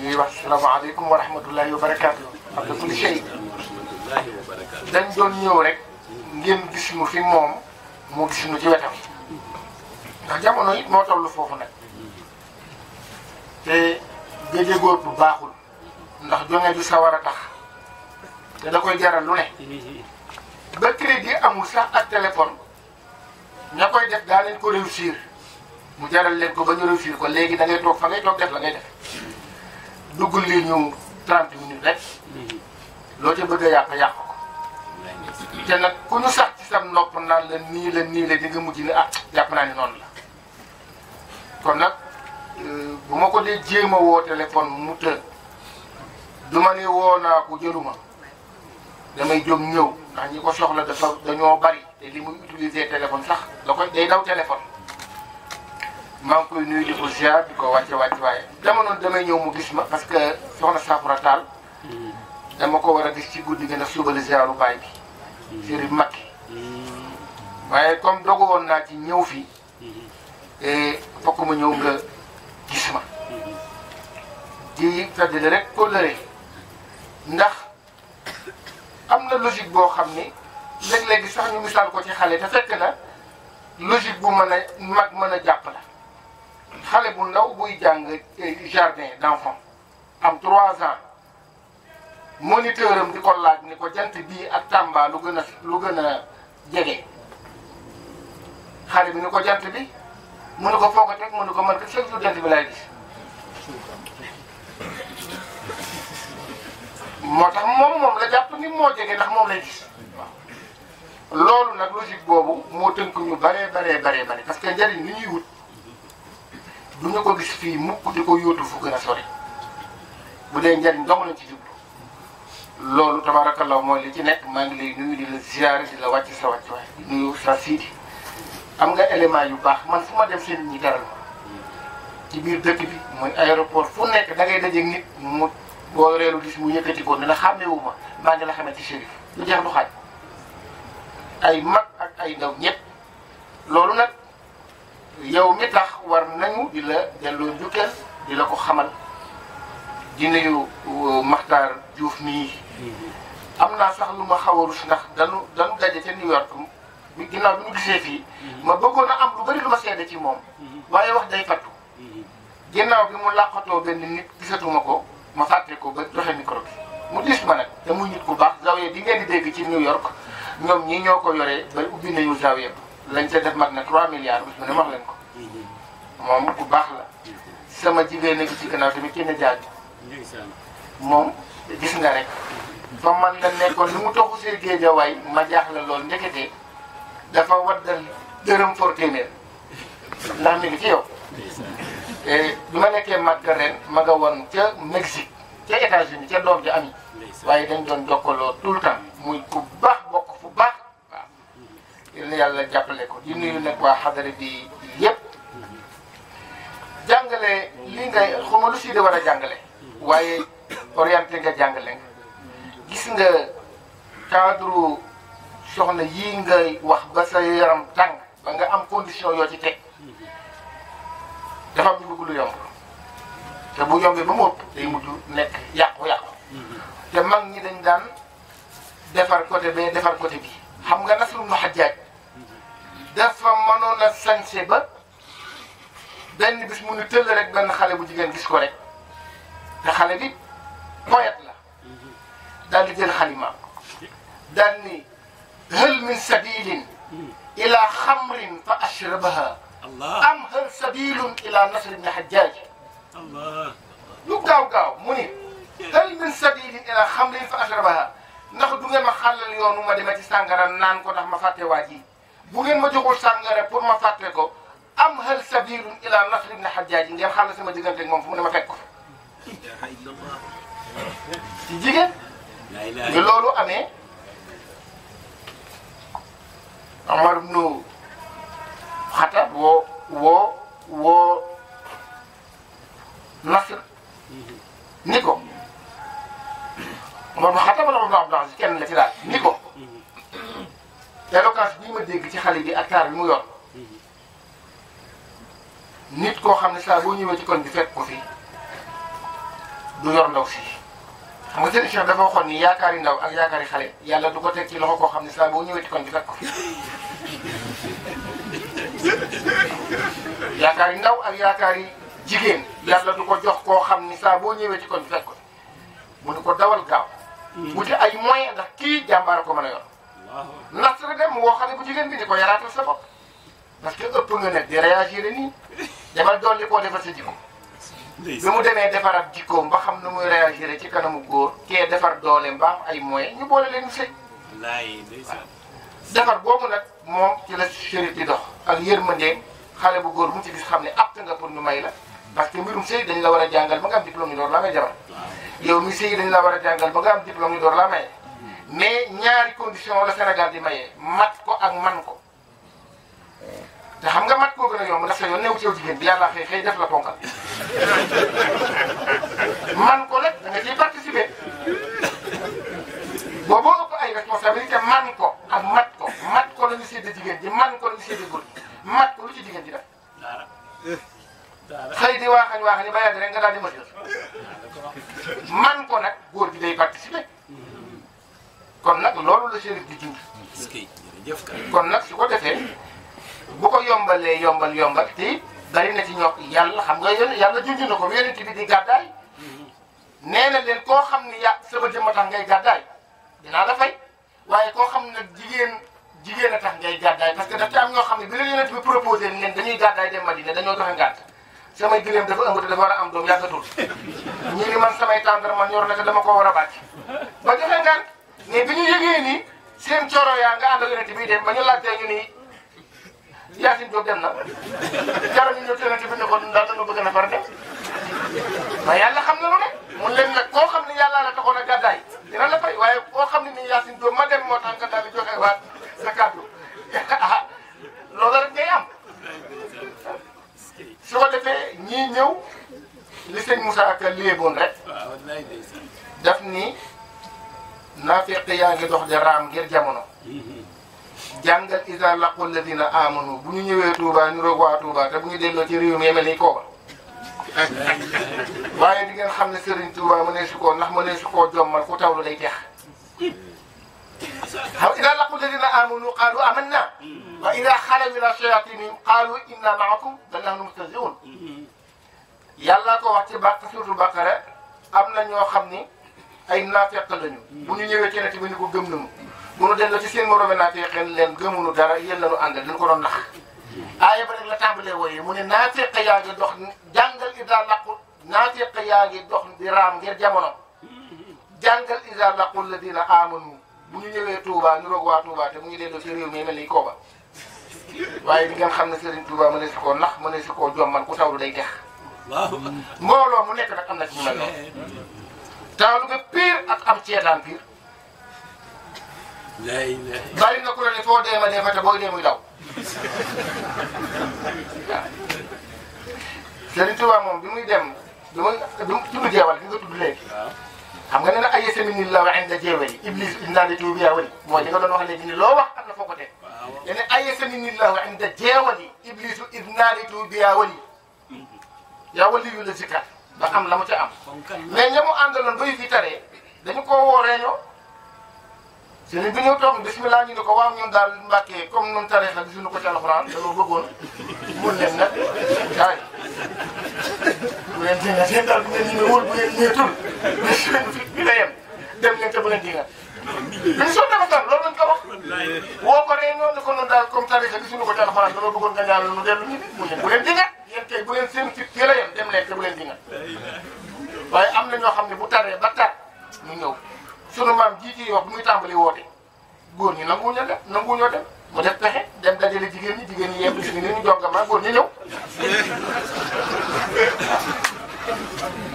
ñu ngi wax salaamaaleykum wa rahmatullahi wa barakaatu. am na kulli shay dañ doon ñëw rek ngeen gis ñu fi moom moo gis ñu ci wetam ndax jamono it moo toll foofu nag te géej góor bu baaxul ndax jonge du sa war a tax te da koy jaral lu ne ba crédit amul sax ak téléphone ña koy def daa leen ko réussir mu jaral leen ko ba ñu réussir ko léegi da ngay toog fa ngay toog def la ngay def duggul li ñu 30 minutes rek loo ca bëgg a yàq yàq ko te nag ku ñu sax ci sam nopp naan la nii la nii la di nga mujj ni ah jàpp naa ni noonu la kon nag euh, bu ma ko dee jéem woo téléphone mu të du ma ne woo naa ko jëluma damay jóg ñëw ndax ñi ko soxla dafa dañoo bari te li muy utiliser téléphone sax la koy day daw téléphone maa ngi koy nuyu di ko ziar di ko wàcce wàcce waaye jamono damay ñëw mu gis ma parce que soxna Saafara Taal dama ko war a gis ci guddi gi ndax suba la ziaru baay bi Sëriñ Makki waaye comme dogu woon naa ci ñëw fii eh, fokk ma ñëw nga gis ma di feddali rek kóllëre ndax am na logique boo xam ne léeg-léegi sax ñu misaal ko ci xale te fekk na logique bu mën a mag mën a jàpp la xale bu ndaw buy jàng eh, jardin d'enfant am trois ans moniteur am di ko laaj ni ko jant bii ak Tamba lu gën a lu gën a jege xale bi ni ko jant bi mu ne ko foo ko teg mu ne ko man ko chaque jant bi laay moo tax moom moom la jàpp ni moo jege ndax moom lay gis loolu nag logique boobu moo tënk ñu baree baree baree bare parce que njëriñ li ñuy wut du ñu ko gis fii mukk di ko yootu fu gën a sori bu dee njariñ dong lañ ci jublu loolu tabaarakallaa mooy li ci nekk maa ngi lay nuyu di la ziare di la wàcc sa wàcc waaye di sa siidi am nga élément yu baax man fu ma dem seen ñi teral ma ci biir dëkk bi mooy aéroport fu nekk da ngay dajeeg nit mu boo reeru gis mu yëkkati ko la xàmmeewu ma maa ngi la xamee ci shérif lu jeex du xaaj ay mag ak ay ndaw ñëpp loolu nag. yow mi tax war nañu di la delloo njukkal di la ko xamal di nuyu euh, Maxtaar Diouf nii am naa sax lu ma xaw a rus ndax dañu dañu daje ca New York bi ginnaaw bi ñu gisee fii mhm. ma bëggoon a am lu bari lu ma seede ci moom mhm. waaye wax day fattu mhm. ginnaaw bi mu làqatoo benn nit gisatuma ko ma fàtte ko ba joxe micro bi mu dis ma nag te muy nit ku baax zawiya bi ngeen di dégg ci New York ñoom ñi ñoo ko yoree ba ubbi nañu zawiya lañ ca def mat na 3 milliards bis mu ne wax leen ko moom ku baax la sama jigéen a ngi ci gannaaw tamit kenn jaaj moom gis nga rek ba man la nekkoon li mu toxu sir way ma jaaxle lool ndekete dafa waddal dërëm for téeméer ndax mi ngi ci yow bi ma nekkee Màkka ren ma nga woon ca Mexique ca États-Unis ca doom ji am yi waaye dañ doon jokkaloo tout le temps muy ku yàlla jàppale ko di nuyu nag waa xadara bi yépp jàngale li ngay xuma lu si war a jàngale waaye orienté nga jàngale nga gis nga cadre soxna yi ngay wax ba sa yaram tàng ba nga am condition yoo ci teg dafa lu yomb bu yombee ba ëpp day mujj nekk yàqu-yàqu defar côté bee defar côté bi xam nga nasrum nu xajaaj sañse ba benn bis mu nu tëll rek benn xale bu jigéen gis ko rek xale bi poète la daal di jël xalimaam daal ni hël min sabilin ila xamrin fa ashrabaha am hël sabilun ila nasr ibn hajjaj lu gaaw gaaw mu ni hël min sabilin ila xamrin fa ashrabaha ndax du ngeen ma xàllal yoonu ma demee ci sàngara naan ko ndax ma fàtte waa ji bu ngeen ma joxul sàngara pour ma fàtte ko am hal sabilun ila nasr ibn hajjaaj ngeen xàll sama diggante ak moom fu mu ne ma fekk ko ci jigéen bi loolu amee Omar ibn Xattaab woo woo woo Nasr ni ko Omar ibn Xattaab wala Abdul Aziz kenn la ci daal ni ko éloquence bii ma dégg ci xale bi ak taar bi mu yor nit koo xam ne saa boo ci kon bi ko fi du yor ndaw si xam nga seen dafa waxoon ni yaakaari ndaw ak yaakaari xale yàlla du ko teg ci loxo koo xam ne saa boo ñëwee ci kon bi fekk ko fi yaakaari ndaw ak yaakaari jigéen yàlla du ko jox koo xam ni saa boo ñëwee ci kon bi fekk ko fi mu ne ko dawal gaaw mm. wuti ay moyen ndax kii jàmbaar ko man a yor nas la dem woo xale bu jigéen bi ni ko yaraatal sa bopp parce que ëpp nga nekk di réagir nii demal dolli koo defar sa jikko bi mu demee defaraat jikkoom mba xam nu muy réagir ci kanamu góor kee defar dooleem ba ay moyens ñu boole leen sëy defar boobu nag moo ci la chérif di dox ak yërmandeem xale bu góor bu mu ci gis xam ne apte nga pour nu may la parce que mbirum sëy dañ la war a jàngal ba nga am diplôme ñu door laa may jabar yow mi sëy dañ la war a jàngal ba am diplôme ñu door laa may mais ñaari condition la Sénégal di mayee mat ko ak man ko te xam nga mat koo gën a yomb ndax sa yoon newu ci yow jigéen bi yàlla xëy xëy def la ponkal Chérif di Diouf kon nag su ko defee bu ko yombalee yombal yombal te bari na ci ñoo yàlla xam nga yéen yàlla junj na ko bu yonent bi di gàddaay nee na leen koo xam ni ya sama jëmm a tax ngay gàddaay dinaa la fay waaye koo xam ne jigéen jigéen a tax ngay gàddaay parce que daf ci am ñoo xam ne bi la yonent bi proposé ni leen dañuy gàddaay dem Madina dañoo joxe ngànt samay gileem dafa ëmb te war am doom yàggatul ñii ni man samay tàndar man ñor na dama koo war a bàcc ba joxe ngànt mais bi ñu yëgee nii seen coro yaa nga ànd ak yonent bi dem ba ñu laajtee ñu nii Yacine Diop dem na coro ñu ñëw yonent bi ne ko daal dañoo bëgg a far dem mais yàlla xam na lu ne mun leen nag koo xam ne yàllaa la taxoon a gàddaay dina la fay waaye koo xam ne nii Yacine Diop ma dem moo tax nga daal di joxe waat sa kàddu ah loolu rek ngay am su defee ñii ñëw li sëñ Moussa Ka liggéey boon rek daf nii. naafiq yaa ngi dox di raam ngir jamono mm-hmm. jàngal isa laqu alladina amanu bu ñu ñëwee Touba ñu roog waa Touba te bu ñu delloo ci réew mi yemel ni kooba waaye di ngeen xam ne Serigne Touba mu ne su koo ndax mu ne su koo jommal ku tawlu day teex mm-hmm. xam ida laqu alladina amanu qaalu amanna mm-hmm. wa ida xalaw ila shayatinihim qaalu inna maakum bal nahnu mustaziun yàlla ko wax ci bàq surtout bàqara am na ñoo xam ni ay naafeq lañu bu ñu ñëwee keneen bi ni ko gëm nañu munu dem seen moromi naafeqeen leen gëmunu dara yéen lañu àndal dañu ko doon nax aaya ba rek la tàmbalee wooyee mu ne naafeq yaa ngi dox jàngal ida laqul naafeq yaa ngi dox di raam ngir jamono jàngal ida laqul la dina amanu bu ñu ñëwee ñu roog waa Touba te mu ngi delloo ci mi mel ni kooba waaye ngeen xam na si koo nax mën na si koo jom man ku tawlu day dex mbooloo mu nekk nag am na ci noonu taalu nga at ak am ceetaan pire. laay laay bàyyi na ku la ne foo dee ma dee fa booy dee muy daw. waaw. Serigne Touba moom bi muy dem bi muy bi mu tudd jeewal bi nga tudd léegi. xam nga ne nag ay yesamini la waxee nga jeewal yi bi yaa wali mooy li nga doon wax léegi ni loo wax am na foo ko teg. waaw te ne ay yesamini yaa wali mm-hmm. yaa wali yu ba am la mu ca am mais ña mu àndaloon ba yu fi taree dañu koo woo réunion sëriñ bi toog bismillah ñu ne ko waaw ñun daal mbàkkee comme nun taree la gisuñu ko ci alxuraan dañoo bëggoon mun leen nag jaay bu leen dinga seen daal bu ngeen ñi wóor bu ngeen ñeetul mais sëriñ fi bi la yem dem leen te bu leen dinga mais soo demee tam loolu lañ ko wax woo ko réunion ne ko nun daal comme taree la gisuñu ko ci alxuraan dañoo bëggoon nga ñaan lu dellu ñu bu leen lekkantee bu leen seen fit teel a yem dem lekk bu leen di ngat waaye am na ñoo xam ne bu taree ba tar ñu ñëw sunu maam jii ci wax bu muy tàmbali woote góor ñi nanguwuñu a dem nanguwuñoo dem mu def pexe dem dajale jigéen ñi jigéen ñi yem si ni ñu jog ma góor ñi ñëw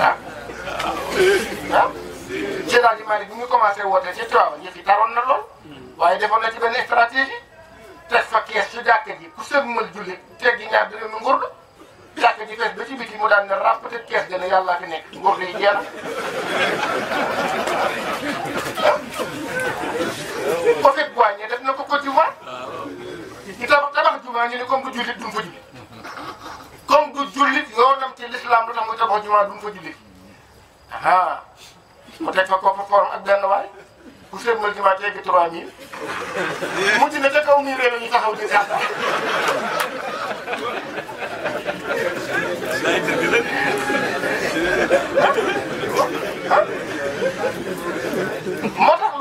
waaw waaw Seydou Aliou Malick bu ñu commencé woote ci Tiwaawan yëf yi taroon na lool waaye defoon na ci benn stratégie teg fa kees ci jàkka ji ku sëgmal jullit teg gi ñaar dërëm mu ngóor la mu daan ne ràpp te teex gën a yàllaa fi nekk nguur gi jeex na. Covid Boigné def na ko ko d'Ivoire ñu tabax tabax jumaa ñu ne comme du jullit duñ fa julli comme du jullit yoonam ci lislaam lu tax muy tabax jumaa duñ fa julli ah mu teg fa kopp korom ak benn waay bu sëlmal jumaa teggi 3000 mujj na ca kaw mii réew ñu taxaw di gàttal. moo tax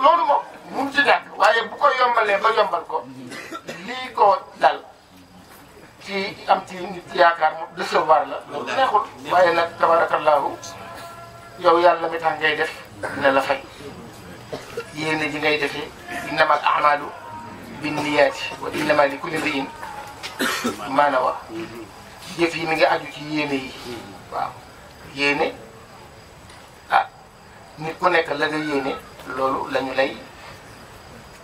loolu moom mun ci ñàkk waaye bu ko yombalee ba yombal ko lii ko dal ci am ci nit yaakaar moom décevoir la loolu neexul waaye nag tabarakallahu yow yàlla mi tax ngay def dina la fay yéene ji ngay defee innamal a'malu binniyaati wa innamaa li kulli imri'in maa nawaa jëf yi mi ngi aju ci yéene yi mm-hmm. waaw yéene ah nit ku nekk la nga yéene loolu la ñu lay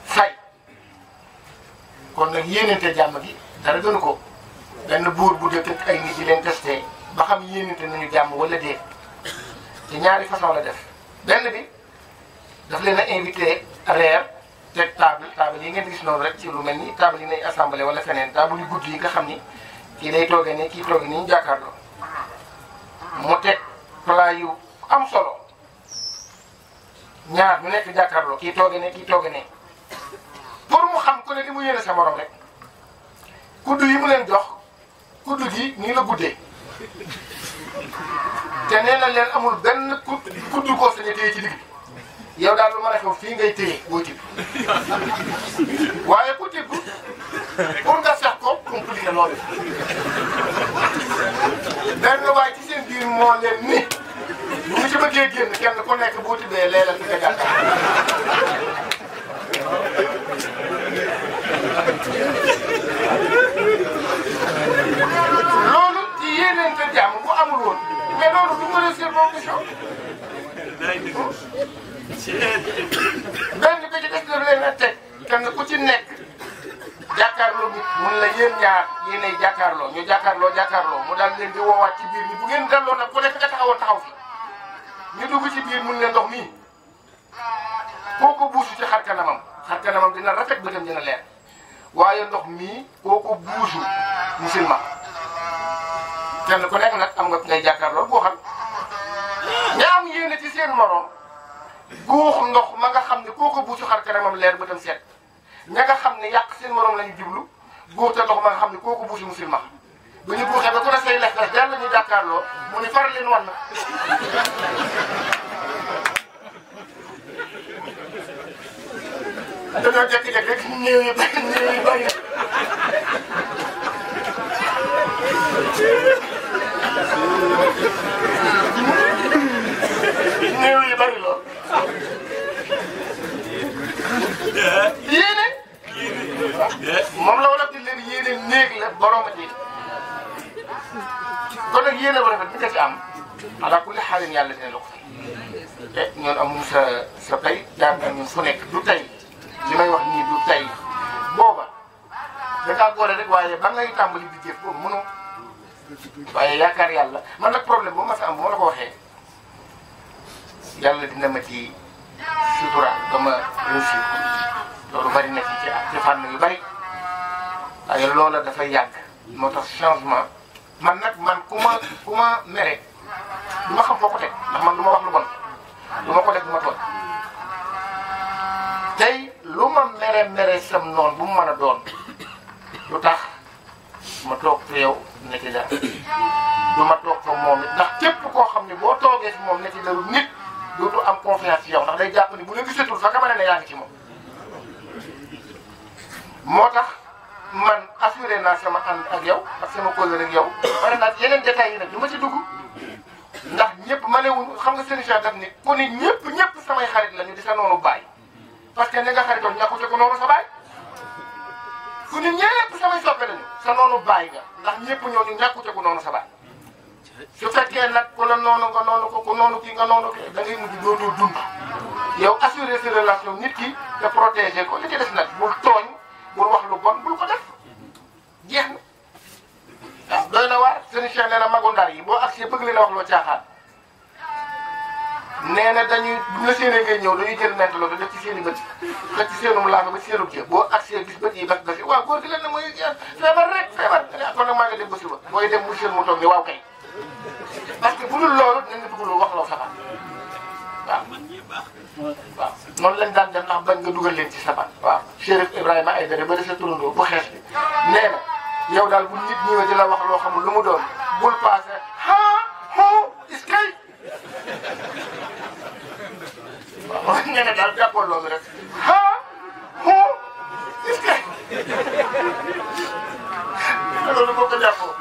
fay kon nag yéenente jàmm gi dara gënu ko benn buur bu dëkk ay nit yi leen testé ba xam yéenente nañu jàmm wala déet te ñaari façon la def benn bi daf leen a invité reer teg table table yi ngeen gis noonu rek ci lu mel ni table yi nay assemblée wala feneen table yu gudd yi nga xam ni kii day toogee nii kii toogee nii jàkkaarloo mu teg plat yu am solo ñaar ñu nekk jàkkaarloo kii toogee ne kii toogee ne pour mu xam ku ne li mu yéene sa rek kudd yi mu leen jox kudd gi nii la guddee te nee na leen amul benn kudd kudd koo sañ a téye ci digg yow daal lu ma xew fii ngay téye boo waaye ku tibb pour compliqué loolu benn waay ci seen biir moo leen ni bu ñu ci bëggee génn kenn ku nekk boo tibbee leelal nga gàttal loolu ci yeneen te jàmm bu amul woon mais loolu du ko réussir moom du choc mun la yéen ñaar yéenay jàkkaarloo ñu jàkkaarloo jàkkaarloo moo daal leen di woowaat ci biir ni bu ngeen dalloo nag ku nekk nga taxawoon taxaw fi ci biir mun leen ndox mii koo ko buusu ci xar kanamam xar kanamam dina rafet bëtam dina leer waaye ndox mii koo ko buusu musulman kenn ku nekk nag am nga ngay jàkkaarloo boo xam ña am yéene ci seen morom guux ndox ma nga xam ne koo ko buusu xar kanamam leer bëtam seet ña nga xam ne yàq seen morom lañu jublu guuta ndox ma nga xam ne kooku buusi mu silmax bu ñu guuxee ba ku ne say lef lef jàll ñu jàkkaarloo mu ni far leen wan na dañoo moom la wala yéene néeg la borom a néeg kon nag yéene bu rafet bi nga ci am ala kulli xaalin yàlla dina la ko fay te ñoon amuñu sa sa tey jaar na ñun fu nekk du tey li may wax nii du tey booba dangaa góore rek waaye ba ngay tàmbali di jëf boobu mënoo waaye yaakaar yàlla man nag problème bu ma sa am ma la ko waxee yàlla dina ma ci sutura ba ma réussir loolu bari ci ci yu bari loolu loola dafay yàgg moo tax changement man nag man ku ma ku ma mere du ma xam foo ko teg ndax man du ma wax lu bon du ma ko def du ma tooñ tey lu ma mere mere sam noonu bu mu mën a doon lu tax ma toog fi yow ne ci dara du toog moom it ndax képp koo xam ne boo toogee si moom ne ci dara nit dootu am confiance ci yow ndax day jàpp ni bu la gisatul fa nga mën a ne moom moo tax man assuré naa sama ànd ak yow ak sama kóllëre ak yow bare naa yeneen détails yi nag du ma ci dugg ndax ñëpp ma ne wuñ xam nga seen Cheikh daf ni ku ni ñëpp ñëpp samay xarit lañu di sa noonu baay parce que ña nga xaritoon ñàkkute ko noonu sa baay ku ni ñëpp samay soppe lañu sa noonu baay nga ndax ñëpp ñoo ñu ñàkkute ko noonu sa baay su fekkee nag ku la noonu nga noonu ko ku noonu kii nga noonu kii da mujj dootoo dund yow assuré sa relation nit ki te protégé ko li ci def nag bul bul wax lu ko bul ko def jeex na waaw ah, na waar sëriñ Cheikh nee na magu yi boo àggsee bëgg leen a wax loo caaxaan nee na dañuy bu la séenee ngay ñëw dañuy jël nent loolu def ci seen i bët def ci seenum laafa ba ci seenum kii boo àggsee gis bët yi bas basi waaw góor gi leen ne mooy feebar rek feebar ah, kon nag maa ngi dem ba suba booy dem mu seen mu toog ni waaw kay parce que bu dul loolu dinañ la bëgg loo wax loo saxaan waaw. moom lañ daan dem ndax bañ nga dugal leen ci saban waaw Chérif Ibrahima Aïdara ba sa turandoo bu xees bi nee na yow daal bu nit ñëwee di la wax loo xamul lu mu doon bul paase ha ho iskay waaw nee na daal jàppoon loolu rek ha ho iskay loolu boo ko jàppoo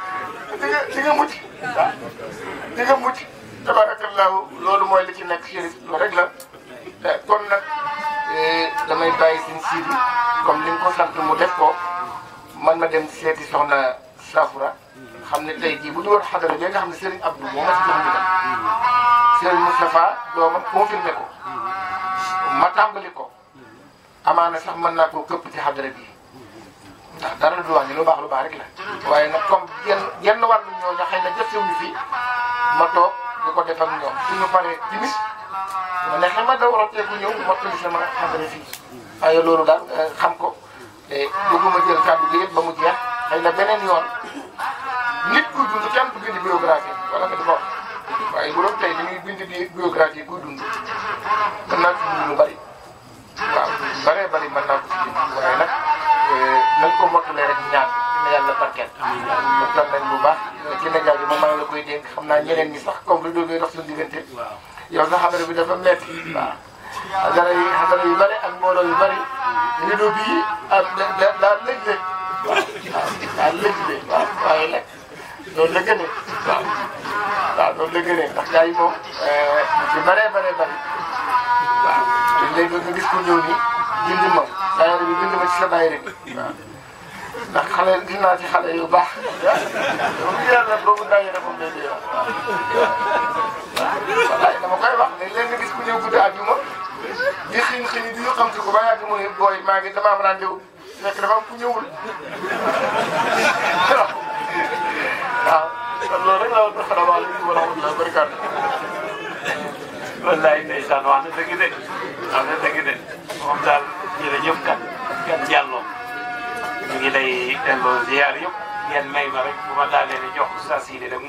di nga di nga mucc waaw di nga mucc allahu loolu mooy li ci nekk chérif lu rek la eh, kon nag eh, damay bàyyi suñ siidi comme li ko sant mu def ko man ma dem seeti soxna Safura xam ne tey jii bu ñu war xadara bi nga xam ne Serigne Abdou moo ma si jox ndigal Serigne Moustapha dooma ko amaan tàmbali ko sax mën naa ko këpp ci xadara bi ndax dara du wax ni lu baax lu baax rek waaye nag comme yenn yenn wàllu ñoo ña xëy na jëfewuñu fi ma toog ñu ko defal ñoom suñu paree timis ma neex na ma daw rotteeku ñëw wax tamit na ma engrais fii waaye loolu daal euh, xam ko te bëgguma jël kàddu gi ba mu jeex xëy na beneen yoon nit ku dund kenn du bind biographie waaye bu doon tey dañuy bind bi biographie kuy dund mën naa ci dund lu bari waaw lu bëree bëri mën naa ko ci dund waaye nag euh, nañ ko mottalee rek ñaan yàlla barkeel mu tam nañ bu baax ki na jaaji moom maa la koy dénk xam naa ñeneen ñi sax comme lu doogoy dox suñu diggante yow sax xamare bi dafa metti waaw dara yi xamare yu bëri ak mbooloo yu bëri rido bii ak daa lëj lëj waaw daa lëj lëj waaw waaye nag noonu la gënee waaw waaw noonu la gënee ndax gars yi moom ci euh, bëree bëree bëri waaw léegi nga gis ko ñëw nii bind ma daayira bi bind ma ci sa daayira bi waaw ndax xale gis naa ci xale yu baax yow yàlla boobu ndaje na moom lay dee yow waaw dama koy wax léeg-léeg nga gis ku ñëw guddi àjjuma di xiin xiin di xam si ko ba yàgg mu ne booy maa ngi dama am rendez-vous fekk dafa am ku ñëwul waaw kon loolu rek la woon dafa damaa la ñu war a wax la barkaatu wallaay ndeysaan wax na dëgg de wax na dëgg de moom daal jërëjëf kan kan jàll ñu ngi lay delloo ziar yëpp ngeen may ma rek bu ma daalee ne jox saa si ne rek